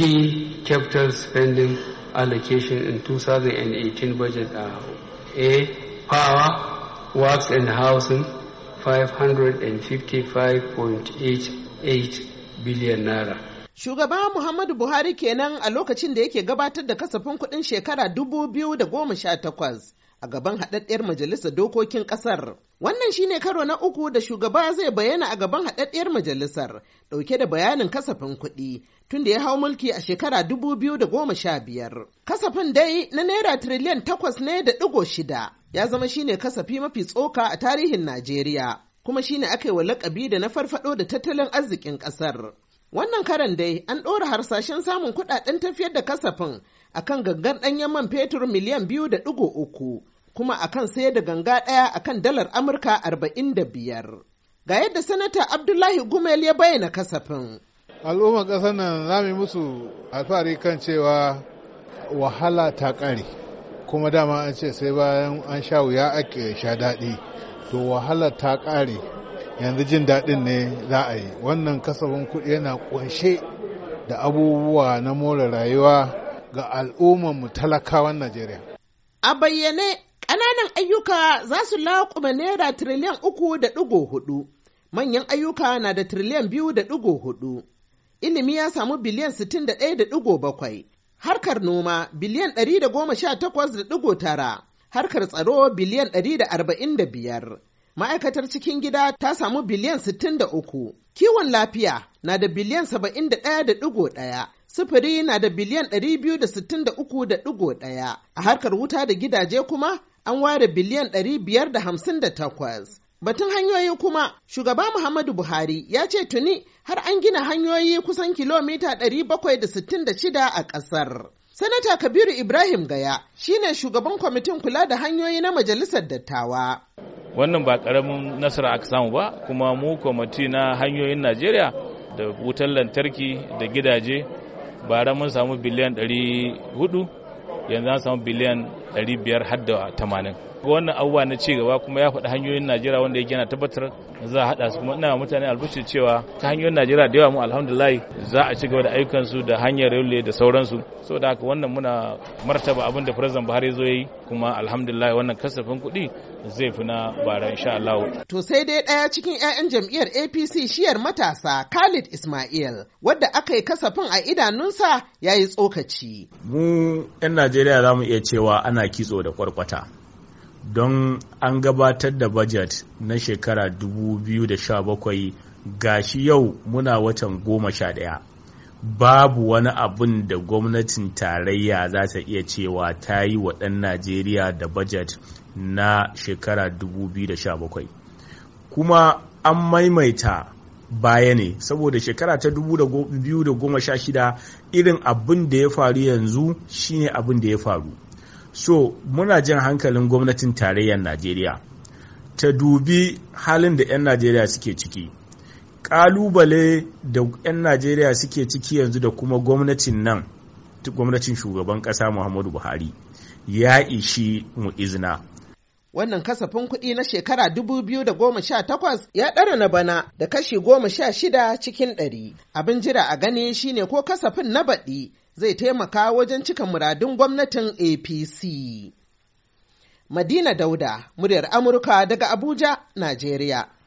key capital spending allocation in 2018 budget are uh, A. Power, Works and Housing, 555.88 billion naira. Shugaba Muhammadu Buhari kenan a lokacin da yake gabatar da kasafin kuɗin shekara 2018. a gaban haɗaɗɗiyar majalisar dokokin ƙasar. Wannan shine karo na uku da shugaba zai bayyana a gaban haɗaɗɗiyar majalisar ɗauke da bayanin kasafin kuɗi tun da ya hau mulki a shekara dubu biyu da goma sha biyar. Kasafin dai na naira tiriliyan takwas ne da ɗigo shida ya zama shine kasafi mafi tsoka a tarihin Najeriya. Kuma shine aka yi wa lakabi da na farfaɗo da tattalin arzikin ƙasar. Wannan karan dai an ɗora harsashen samun kuɗaɗen tafiyar da kasafin akan gangan ɗanyen man fetur miliyan biyu da ɗigo uku kuma akan sayar da ganga ɗaya akan dalar Amurka arba'in da biyar. Ga yadda Sanata Abdullahi Gumel ya bayyana kasafin. Al'ummar ƙasar nan za mu musu alfahari kan cewa wahala ta ƙare kuma dama an ce sai bayan an sha wuya ake sha daɗi to wahala ta ƙare yanzu jin daɗin ne za a yi wannan kasafin kuɗi yana ƙunshe da abubuwa na more rayuwa ga al'ummar mu talakawan najeriya a bayyane kananan ayyuka za su laƙuma naira tiriliyan uku da ɗigo hudu, manyan ayyuka na da tiriliyan biyu da ɗigo hudu. Ilimi ya samu biliyan sittin da ɗaya da ɗigo bakwai, harkar noma biliyan ɗari da goma sha takwas da ɗigo tara, harkar tsaro biliyan ɗari da arba'in da biyar. Ma'aikatar cikin gida ta samu biliyan sittin da uku, kiwon lafiya na da biliyan saba'in da ɗaya da ɗigo ɗaya, sufuri na da biliyan ɗari biyu da sittin da uku da ɗigo ɗaya, a harkar wuta da gidaje kuma an ware biliyan 558. Batun hanyoyi kuma, shugaba Muhammadu Buhari ya ce tuni har an gina hanyoyi kusan kilomita 766 a ƙasar. Sanata Kabiru Ibrahim Gaya shine shugaban kwamitin kula da hanyoyi na Majalisar Dattawa. Wannan ba ƙaramin nasara aka samu ba, kuma mu kwamiti na hanyoyin Najeriya da wutar lantarki da gidaje bara mun samu biliyan 400 yanzu an samu biliyan 500 har da 80 wannan abubuwa na ci gaba kuma ya faɗi hanyoyin najeriya wanda ya yana tabbatar za a haɗa su kuma ina mutane albushi cewa ta hanyoyin najeriya da yawa mu alhamdulillah za a ci gaba da ayyukansu da hanyar railway da sauransu saboda haka wannan muna martaba abin da firazan buhari zo ya yi kuma alhamdulillah wannan kasafin kuɗi zai fi na bara insha Allah. To sai dai ɗaya cikin 'ya'yan jam'iyyar APC shiyar matasa Khalid Ismail wadda aka yi kasafin a idanunsa ya yi tsokaci. Mu 'yan Najeriya za mu iya cewa ana kitso da kwarkwata. Don an gabatar da bajet na shekara 2017 gashi yau muna watan goma sha ɗaya. babu wani abun da gwamnatin tarayya za ta iya cewa ta yi wa ɗan najeriya da bajet na shekara 2017 kuma an maimaita baya ne saboda shekara ta 2016 irin abin da ya faru yanzu shine abin da ya faru so muna jin hankalin gwamnatin tarayyar najeriya ta dubi halin da 'yan najeriya suke ciki kalubale da 'yan najeriya suke ciki yanzu da kuma gwamnatin nan gwamnatin shugaban ƙasa muhammadu buhari ya ishi mu izina wannan kasafin kuɗi na shekara 2018 ya ɗara na bana da kashi 16 cikin ɗari. Abin jira a gani shine ko kasafin na baɗi zai taimaka wajen cika muradun gwamnatin APC. Madina Dauda, muryar Amurka daga Abuja, Najeriya.